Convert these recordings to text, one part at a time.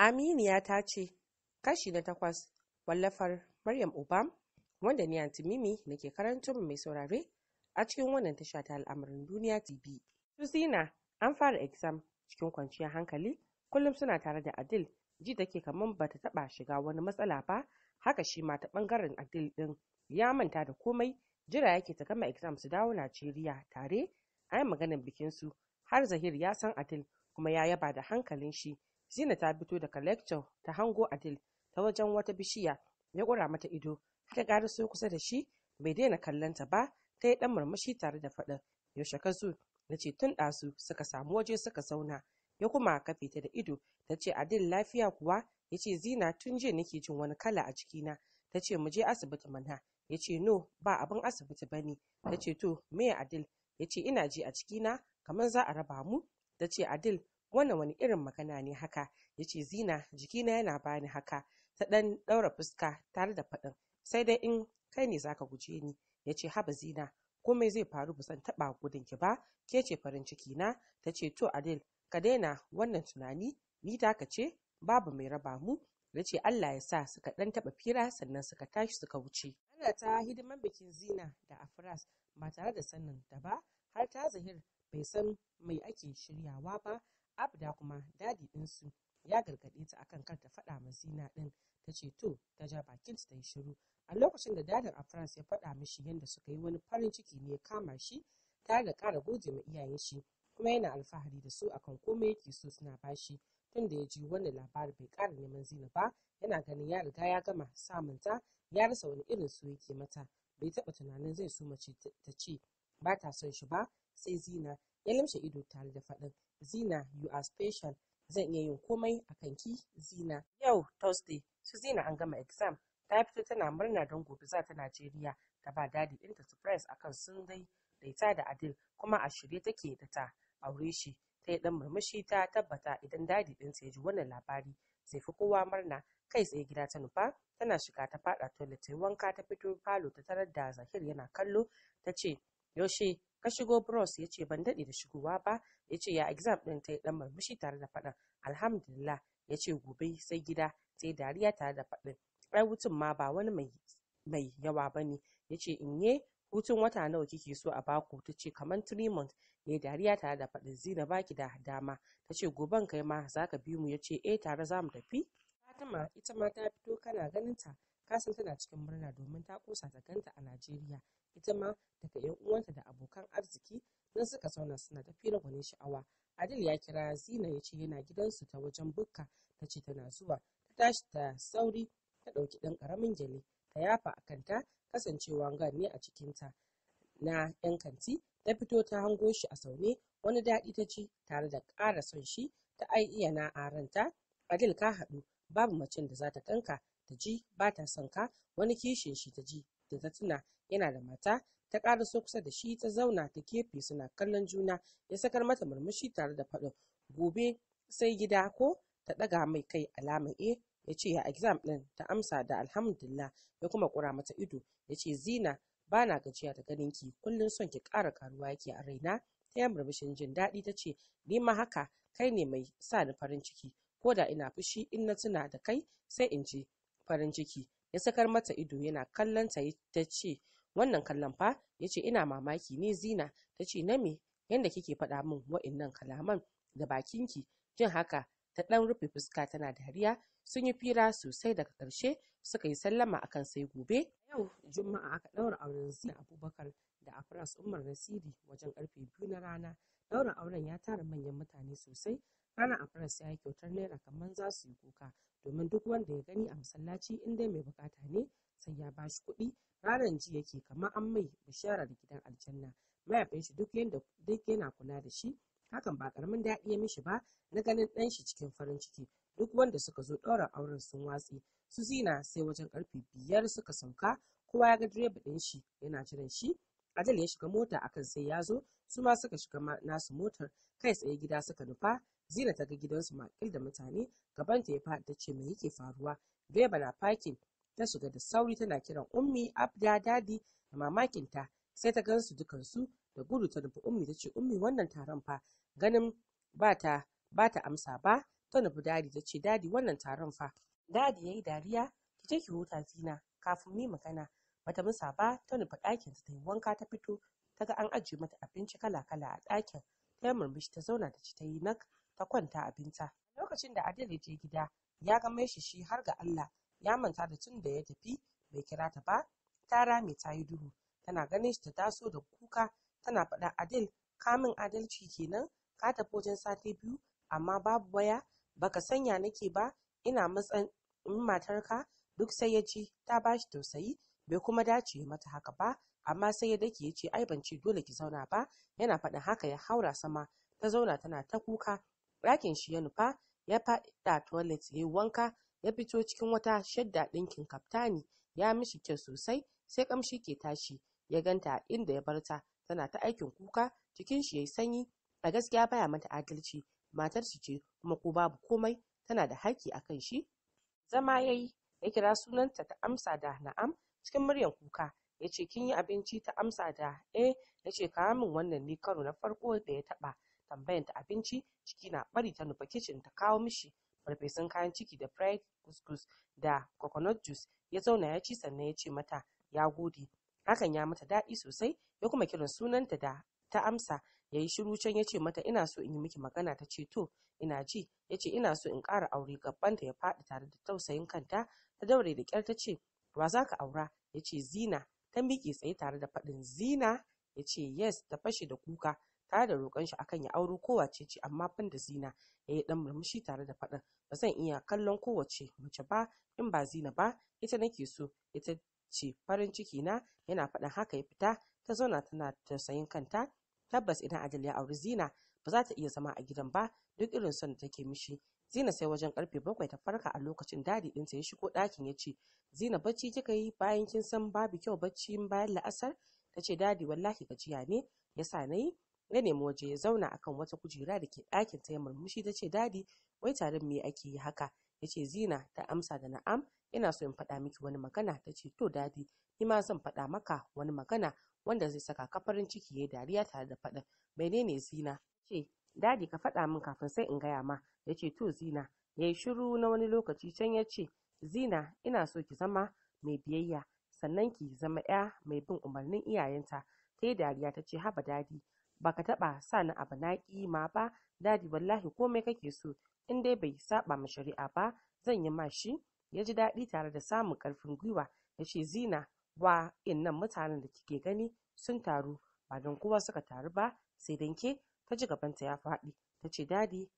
Aminiya ta ce kashi na takwas wallafar Maryam Obam, wanda ni Antimimi nake karanta mu mai saurare a cikin wannan tasha ta Al'amarin duniya TV. Susina an fara exam cikin kwanciyar hankali kullum suna tare da Adil ji take kamar ta taɓa shiga wani matsala ba haka shi ma ta ɓangaren Adil ɗin ya manta da komai jira yake ta gama exam su dawo Najeriya tare ai maganar bikin su har Zahir ya san Adil kuma ya yaba da hankalin shi Zina ta fito da lecture ta hango Adil ta wajen wata bishiya ya ƙura mata ido ta so kusa da shi bai daina kallonta ba ta yi ɗan murmushi tare da faɗin yaushe ka zo na ce tun ɗasu suka samu waje suka zauna ya kuma ka fita da ido ta ce Adil lafiya kuwa ya ce Zina tun jiya nake jin wani kala a jikina ta ce mu je asibiti mana ya ce no ba abin asibiti ba ne ta ce to me Adil ya ce ina ji a cikina kamar za a raba mu ta ce Adil wannan wani irin magana ne haka ya ce zina jikina yana bani haka ta ɗan ɗaura fuska tare da faɗin sai dai in kai ne zaka guje ni ya ce haba zina komai zai faru ba san taɓa gudun ki ba ke ce farin ciki na ta ce to adil ka daina wannan tunani ni da ka ce babu mai raba mu ya ce Allah ya sa suka ɗan taɓa fira sannan suka tashi suka wuce. Ana ta hidimar bikin zina da afras ba tare da sanin da ba har ta zahir bai san mai ake shiryawa ba abda kuma dadi su ya gargaɗe ta akan kar ta faɗa ma zina ɗin ta ce to ta ja bakinta ta yi shiru a lokacin da dadin a france ya faɗa mishi yadda suka yi wani farin ciki ne ya kama shi tare da ƙara goje ma iyayen shi kuma yana alfahari da su akan komai yake so suna bashi tun da ya ji wannan labarin bai ƙara neman zina ba yana ganin ya riga ya gama samun ta ya rasa wani irin su yake mata bai taɓa tunanin zai so mace ta ce ba ta son shi ba sai zina ya limshe ido tare da faɗin zina you are special zan iya yin komai a kanki zina yau thursday su zina an gama exam ta fito tana murna don gobe za ta najeriya ta ba dadi ɗinta surprise akan sun dai daita da adil kuma a shirye take da ta aure shi ta yi ɗan murmushi ta tabbata idan dadi ɗinta ya ji wannan labari zai fi kowa murna kai tsaye gida ta nufa tana shiga ta faɗa toilet ta wanka ta fito falo ta tarar da zakir yana kallo ta ce yaushe ka shigo bros ya ce ban daɗe da shigowa ba ya ce ya exam ɗin ta yi ɗan murmushi tare da faɗin alhamdulillah ya ce gobe sai gida sai dariya tare da faɗin ai hutun ma ba wani mai yawa ba ne ya ce in ye hutun wata nawa kike so a baku ta ce kamar three months ya dariya tare da faɗin zina baki da dama ta ce goben kai ma za ka bi mu ya ce eh tare za mu tafi fatima ita ma ta fito kana ganin ta kasan tana cikin murna domin ta kusa ta ganta a Najeriya ita ma daga 'yan uwanta da abokan arziki don suka zauna suna da fira gwanin sha'awa Adil ya kira Zina ya ce yana gidansu ta wajen bukka ta ce tana zuwa ta tashi ta sauri ta ɗauki ɗan ƙaramin gyale ta yafa a kanta kasancewa gan ne a ta. na 'yan kanti ta fito ta hango shi a sauni wani daɗi ta ji tare da ƙara son shi ta ai iya na aranta Adil ka haɗu babu macen da za ta ɗanka ta ji ba ta son ka wani kishin shi ta ji da ta tuna yana da mata ta ƙaraso kusa da shi ta zauna ta kefe suna kallon juna ya sakar mata murmushi tare da faɗin gobe sai gida ko ta ɗaga mai kai alamar e ya ce ya exam ɗin ta amsa da alhamdulillah ya kuma ƙura mata ido ya ce zina ba na gajiya da ganin ki kullum son ki ƙara karuwa yake a raina ta yi murmushin jin daɗi ta ce ni ma haka kai ne mai sa ni farin ciki ko da ina fushi in na tuna da kai sai in ji farin ciki ya sakar mata ido yana kallon ta ta ce wannan kallon fa ya ce ina mamaki ne zina ta ce na me yadda kike faɗa min wa'innan kalaman da bakinki jin haka ta ɗan rufe fuska tana dariya sun yi fira sosai daga ƙarshe suka yi sallama akan sai gobe yau juma'a aka ɗaura auren zina abubakar da afras umar nasiri wajen ƙarfe biyu na rana ɗaurin auren ya tara manyan mutane sosai ranar afras ya yi kyautar naira kamar za su yi kuka domin duk wanda ya gani a masallaci in dai mai bukata ne sai ya ba shi kuɗi ranar ji yake kamar an mai bisharar gidan aljanna mayafin shi duk yanda duk yana kula da shi hakan ba karamin daɗi ya mishi ba na ganin ɗan shi cikin farin ciki duk wanda suka zo ɗaurin auren sun watsi. su zina sai wajen ƙarfe biyar suka sauka kowa ya ga direba ɗin shi yana jiran shi ajal ya shiga mota akan sai ya zo su ma suka shiga nasu motar kai tsaye gida suka nufa zina ta ga gidansu makil da mutane gabanta ya faɗi ta ce me yake faruwa direba na fakin ta shiga da sauri tana kiran ummi abda dadi da mamakinta sai ta gansu dukansu da gudu ta nufi ummi ta ce ummi wannan taron fa ganin ba ta amsa ba ta nufi dadi ta ce dadi wannan taron fa dadi ya yi dariya ki je ki huta zina kafin mu magana bata musa ba ta nufi ɗakin ta yi wanka ta fito ta ga an ajiye mata abinci kala kala a ɗakin ta yi murmushi ta zauna ta ci ta yi nak ta kwanta abinta Lokacin da Adele ya je gida ya ga shi shi har ga Allah ya manta da tun da ya tafi bai kira ta ba, tara mai ta yi duhu, tana ganin shi ta taso da kuka tana faɗa Adele kamin adalci kenan ka tafi wajen sati biyu amma babu waya baka sanya nake ba ina matsan in matarka duk sai ya ci ta bashi tausayi bai kuma dace mata haka ba amma sai ya dake ya ce ai ban ce dole ki zauna ba yana faɗin haka ya haura sama ta zauna tana ta kuka ɗakin shi ya nufa ya faɗa toilet ya yi wanka, ya fito cikin wata shadda ɗinkin kaftani ya mishi kyau sosai sai ƙamshi ke tashi ya ganta inda ya bar ta tana ta aikin kuka cikin shi yayi sanyi a gaskiya baya mata adalci matar shi ce kuma ko babu komai tana da haƙƙi a kan shi zama ya yi, ya kira sunanta ta amsa da na'am cikin muryar kuka ya ce kin yi abinci ta amsa da eh ya ce kawo min wannan ne karo na farko da ya taɓa tambayan ta abinci ciki na bari ta nufa kicin ta kawo mishi farfesun kayan ciki da fried couscous da coconut juice ya zauna ya ci sannan ya ce mata ya gode hakan ya mata daɗi sosai ya kuma kiran sunanta da ta amsa ya yi shiru can ya ce mata ina so in yi miki magana ta ce to ina ji ya ce ina so in ƙara aure ta ya faɗi tare da tausayin kanta ta daure da ƙyar ta ce wa za ka aura ya ce zina ta miƙe tsaye tare da faɗin zina ya ce yes ta fashe da kuka tare da roƙon shi akan ya auro kowace ce amma ban da Zina yayi ɗan murmushi tare da faɗin ba zan iya kallon kowace mace ba in ba Zina ba ita nake so ita ce farin ciki na yana faɗan haka ya fita ta zauna tana tausayin kanta tabbas idan Adil ya auri Zina ba za ta iya zama a gidan ba duk irin son da take mishi Zina sai wajen karfe bakwai ta farka a lokacin dadi ɗinta ya shigo ɗakin ya ce, Zina bacci kika yi bayan kin san babu kyau bacci bayan la'asar? Ta ce dadi wallahi gajiya ne, ya sa na yi, na nemi waje ya zauna akan wata kujera da ke ɗakin ta ya murmushi ta ce dadi wai tare me ake yi haka ya ce zina ta amsa da na'am ina so in faɗa miki wani magana ta ce to dadi ni ma zan faɗa maka wani magana wanda zai saka ka farin ciki ya dariya tare da faɗin menene zina ce dadi ka faɗa min kafin sai in gaya ma ya ce to zina ya yi shiru na wani lokaci can ya ce zina ina so ki zama mai biyayya sannan ki zama 'ya mai bin umarnin iyayenta ta yi dariya ta ce haba dadi ba ka taɓa sa ni abu na ƙi ma ba dadi wallahi komai kake so in dai bai saba ma shari'a ba zan yi ma shi ya ji daɗi tare da samun ƙarfin gwiwa ya ce zina wa innan mutanen da kike gani sun taru ba don kowa suka taru ba sai dan ke ta ji gabanta ya faɗi ta ce dadi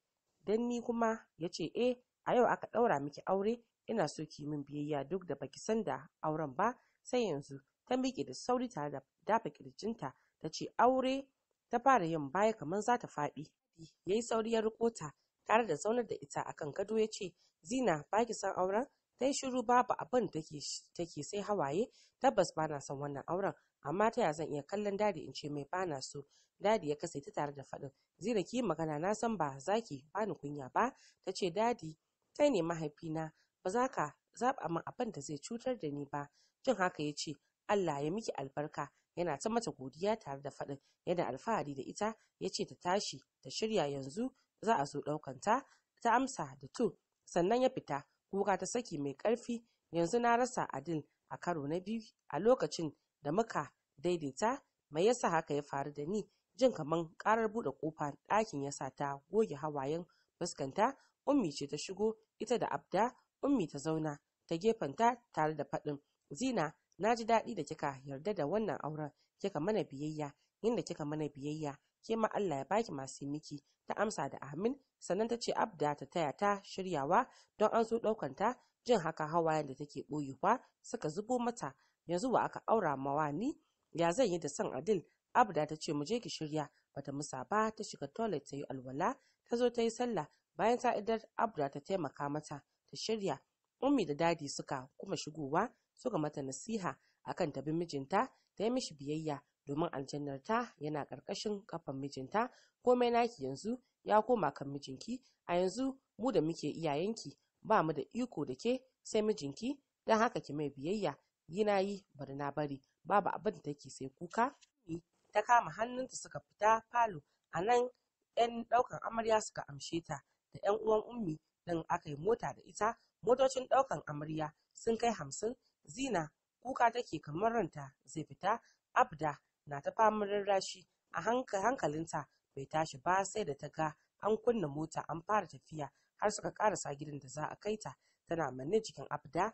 dan ni kuma ya ce e! a yau aka ɗaura miki aure ina so ki min biyayya duk da baki san da auren ba sai yanzu ta miƙe da sauri tare da dafa ƙirjinta ta ce aure ta fara yin baya kamar za ta faɗi ya yi sauri ya riko ta tare da zaunar da ita akan gado ya ce zina ba ki san auren ta yi shiru babu abin da take sai hawaye tabbas ba na son wannan auren amma ta ya zan iya kallon dadi in ce mai ba na so dadi ya kasa ta tare da faɗin zina ki magana na san ba za ki ba ni kunya ba ta ce dadi kai ne mahaifina ba za ka zaɓa min abin da zai cutar da ni ba jin haka ya ce Allah ya miki albarka yana ta mata godiya tare da faɗin yana alfahari da ita ya ce ta tashi ta shirya yanzu za a zo ɗaukan ta ta amsa da to sannan ya fita kuka ta saki mai ƙarfi yanzu na rasa adil a karo na biyu a lokacin da muka daidaita mai yasa haka ya faru da ni jin kamar ƙarar buɗe ƙofa ɗakin ya sa ta goge hawayen fuskanta ummi ce ta shigo ita da abda ummi ta zauna ta gefenta tare da faɗin zina na ji daɗi da kika yarda da wannan auren kika mana biyayya yadda kika mana biyayya ke ma Allah ya baki masu miki ta amsa da amin sannan ta ce abda ta taya ta shiryawa don an zo ɗaukan ta jin haka hawayen da take ɓoyewa suka zubo mata yanzu wa aka aura mawa ni ya zan yi da san adil abda ta ce mu je ki shirya bata musa ba ta shiga toilet ta yi alwala ta zo ta yi sallah bayan ta idar abda ta taimaka mata ta shirya ummi da dadi suka kuma shigowa suka mata nasiha akan ta mijinta ta yi mishi biyayya domin aljannar ta yana ƙarƙashin kafan mijinta komai naki yanzu ya koma kan mijinki a yanzu mu da muke iyayenki ba mu da iko da ke sai mijinki don haka ki mai biyayya yi na yi bari na bari babu abin da take sai kuka ta kama hannunta suka fita falo a nan 'yan ɗaukan amarya suka amshe ta da 'yan uwan ummi don aka yi mota da ita motocin ɗaukan amarya sun kai hamsin Zina kuka take kamar ranta zai fita. Abda na ta faman rarrashi, hankalinta bai tashi ba sai da ta ga an kunna mota an fara tafiya har suka sa gidan da za a kai ta. Tana manne jikin Abda,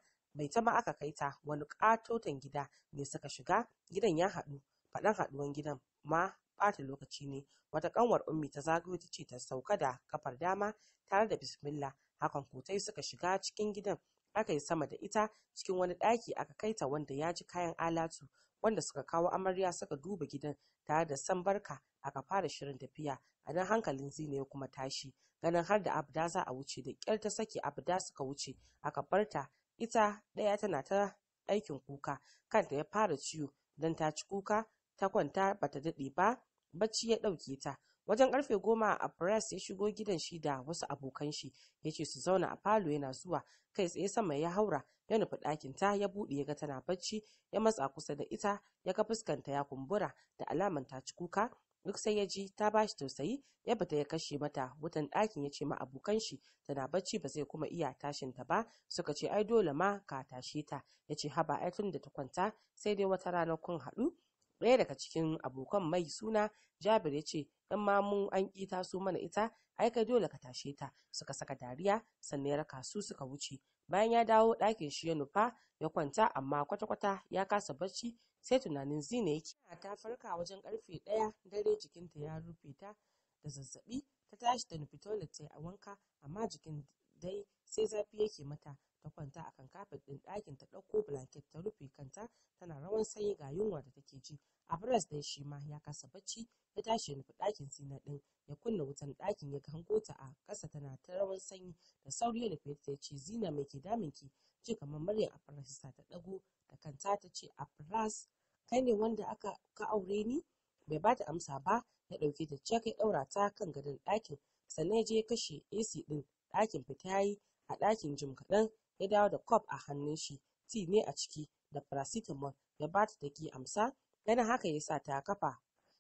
ma aka kai ta wani ƙatoton gida ne suka shiga, gidan ya haɗu, faɗan haɗuwan gidan ma ɓata lokaci ne. Wata ƙanwar Ummi ta zagayo ta ce ta sauka da kafar dama tare da bismillah, hakan kotai suka shiga cikin gidan. aka yi sama da ita cikin wani ɗaki aka kai ta wanda ya ji kayan alatu wanda suka kawo amarya suka duba gidan tare da san barka aka fara shirin tafiya a nan hankalin zina ya kuma tashi ganin har da abda za a wuce da ƙyar ta sake abda suka wuce aka barta ita ɗaya tana ta aikin kuka kanta ya fara ciwo don ta ci kuka ta kwanta bata daɗe ba bacci ya ɗauke ta Wajen karfe goma a Perez ya shigo gidan shi da wasu abokan shi ya ce su zauna a falo yana zuwa kai tsaye sama ya haura ya nufi ɗakin ta ya buɗe ya ga tana bacci ya matsa kusa da ita ya ga fuskanta ya kumbura da alaman ta ci kuka duk sai ya ji ta ba shi tausayi ya bata ya kashe mata wutan ɗakin ya ce ma abokan shi tana bacci ba zai kuma iya tashin ta ba suka ce ai dole ma ka tashe ta ya ce haba ai tun da ta kwanta sai dai wata rana kun haɗu Ɗaya daga cikin abokan mai suna Jabir ya ce, ‘yan ma mu an ƙi taso mana ita, ai kai dole ka tashe ta, suka saka dariya, sannan ya raka su suka wuce. Bayan ya dawo ɗakin shi ya nufa, ya kwanta amma kwata-kwata ya kasa barci sai tunanin zina yake. Ta farka wajen karfe ɗaya dare jikinta ya rufe ta da zazzaɓi, ta tashi da nufi toilet ta a wanka amma jikin dai sai zafi yake mata ta kwanta kan kafet ɗin ɗakin ta ɗauko blanket ta rufe kanta tana rawan sanyi ga yunwa da take ji firas da shi ma ya kasa bacci ya tashi ya nufi ɗakin zina ɗin ya kunna wutan ɗakin ya hango ta a ƙasa tana ta rawan sanyi da sauri ya nufi ta ce zina mai ke damin ki ce kamar muryar sa ta ɗago da kanta ta ce firas kai ne wanda aka ka aure ni bai bata amsa ba ya ɗauke ta ce kai ɗaura ta kan gadon ɗakin sannan ya je ya kashe ac ɗin ɗakin fita yi a ɗakin jim kaɗan ya dawo da kwaf a hannun shi, ti ne a ciki da paracetamol ya ba ta ki amsa, ganin haka ya ta kafa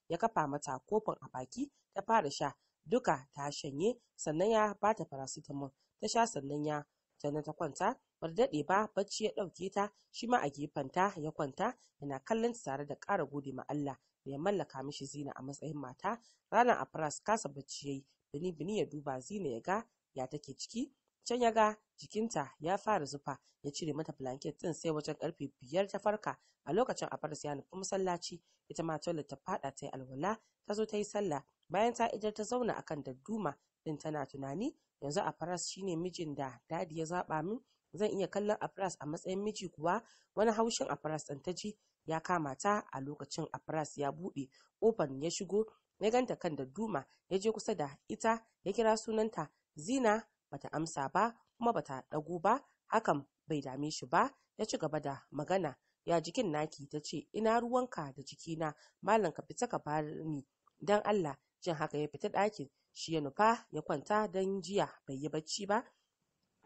ya kafa mata kofin a baki ta fara sha duka ta shanye sannan ya ba ta paracetamol ta sha sannan ya tana ta kwanta bar daɗe ba bacci ya ɗauke ta shi ma a gefen ta ya kwanta yana kallon ta tare da ƙara gode ma Allah da ya mallaka mishi zina a matsayin mata ranar a faras kasa bacci yayi bini bini ya duba zina ya ga ya take ciki Can ya ga jikinta ya fara zufa ya cire mata blanket din sai wajen karfe biyar ta farka a lokacin a ya nufi masallaci ita ma toilet ta fada ta yi alwala ta zo ta yi sallah bayan ta idar ta zauna akan dadduma din tana tunani yanzu a faras shine mijin da dadi ya zaba min zan iya kallon afras a matsayin miji kuwa wani haushin faras ɗin ta ji ya kama ta a lokacin afras ya bude kofar ya shigo ya ganta kan dadduma ya je kusa da ita ya kira sunanta zina Bata amsa ba kuma bata ɗagu ba, hakan bai dame shi ba, ya ci gaba da magana. Ya jikin naki? Ta ce, ina ruwanka da jikina, malam ka fita ka bani dan don Allah. Jin haka ya fita ɗakin, shi ya nufa ya kwanta dan jiya bai yi bacci ba.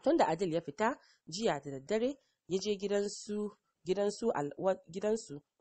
Tunda Adil ya fita jiya da daddare, ya je gidansu gidansu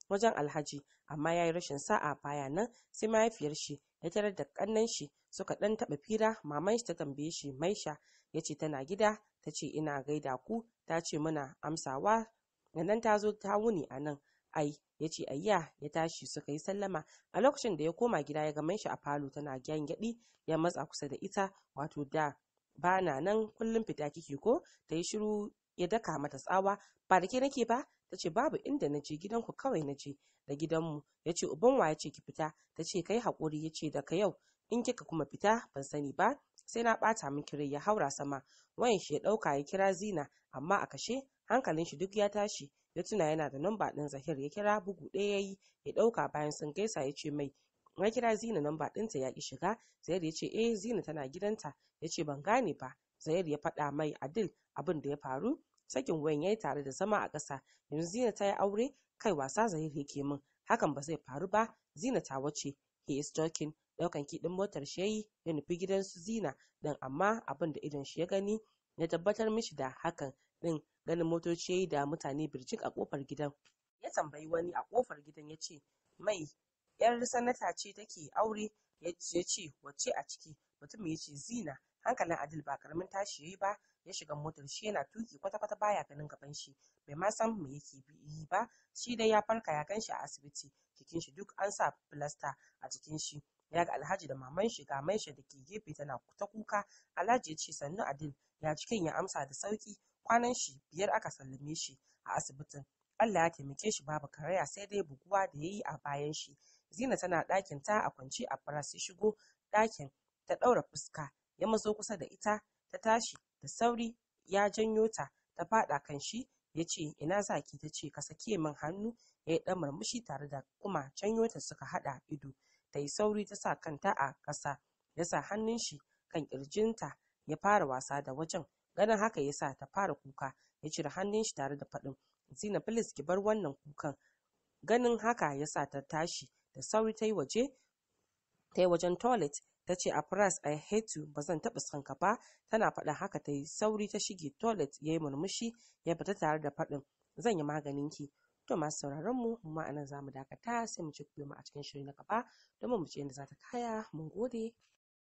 wajen Alhaji, amma ya yi rashin sa'a baya nan sai mahaifiyar shi ya tarar da kannan shi suka ɗan taɓa fira maman shi ta tambaye shi maisha yace tana gida tace ina gaida ku tace muna amsawa nan ta zo ta wuni anan ai yace ce ayya ya tashi suka yi sallama a lokacin da ya koma gida ya ga shi a falo tana gyangyaɗi ya matsa kusa da ita wato da bana nan kullum fita kike ko ta yi shiru ya daka mata tsawa ba da ke nake ba ta ce babu inda na je gidanku kawai na je da gidanmu ya ce uban wa ya ce ki fita ta ce kai haƙuri ya ce daga yau in kika kuma fita ban sani ba sai na ɓata min kirai, ya haura sama wayan shi ya ɗauka ya kira zina amma a kashe hankalin shi duk ya tashi ya tuna yana da namba ɗin zahir ya kira bugu ɗaya ya yi ya ɗauka bayan sun gaisa ya ce mai na kira zina namba ɗinta ya ƙi shiga zahir ya ce eh zina tana gidanta ya ce ban gane ba zahir ya faɗa mai adil abin da ya faru sakin wayan yayi tare da zama a ƙasa yanzu zina ta yi aure kai wasa zahiri yake min hakan ba zai faru ba zina ta wace he is talking ɗaukan kiɗin motar shi yayi ya nufi gidan su zina dan amma abin da idon shi ya gani ya tabbatar mishi da hakan ɗin ganin motoci yayi da mutane birjik a ƙofar gidan ya tambayi wani a ƙofar gidan ya ce mai yar sanata ce take aure ya ce wacce a ciki Mutumin ya ce zina hankalin adil ba karamin tashi yayi ba ya shiga motar shi yana tuki kwata-kwata baya ganin gaban shi bai ma san me yake yi ba shi dai ya farka ya ganshi a asibiti jikin shi duk an sa filasta a jikin shi ya ga alhaji da maman shi ga shi da ke gefe tana ta kuka alhaji ya ce sannu a adil ya cikin ya amsa da sauki kwanan shi biyar aka sallame shi a asibitin Allah ya taimake shi babu karaya sai dai buguwa da yayi a bayan shi Zina tana ɗakin ta a kwance a faras shigo ɗakin ta ɗaura fuska ya mazo kusa da ita ta tashi Da sauri ya janyo ta ta faɗa kan shi ya ce, "Ina za ki?" Ta ce, "Ka sake min hannu." Ya yi ɗan murmushi tare da kuma janyo ta suka haɗa ido. Ta yi sauri ta sa kanta a ƙasa, ya sa hannun shi kan ƙirjinta ya fara wasa da wajen. Ganin haka ya sa ta fara kuka. Ya cire hannun shi tare da faɗin, "Zina filis ki bar wannan kukan." Ganin haka ya sa ta tashi da sauri ta yi waje ta yi wajen toilet ta ce a fras I hate you ba zan taɓa son ka ba tana faɗin haka ta yi sauri ta shige toilet ya yi murmushi ya fita tare da faɗin zan yi maganin ki to masu sauraron mu mu anan zamu dakata sai mu ci mu a cikin shiri na gaba domin mu ci yadda za ta kaya mun gode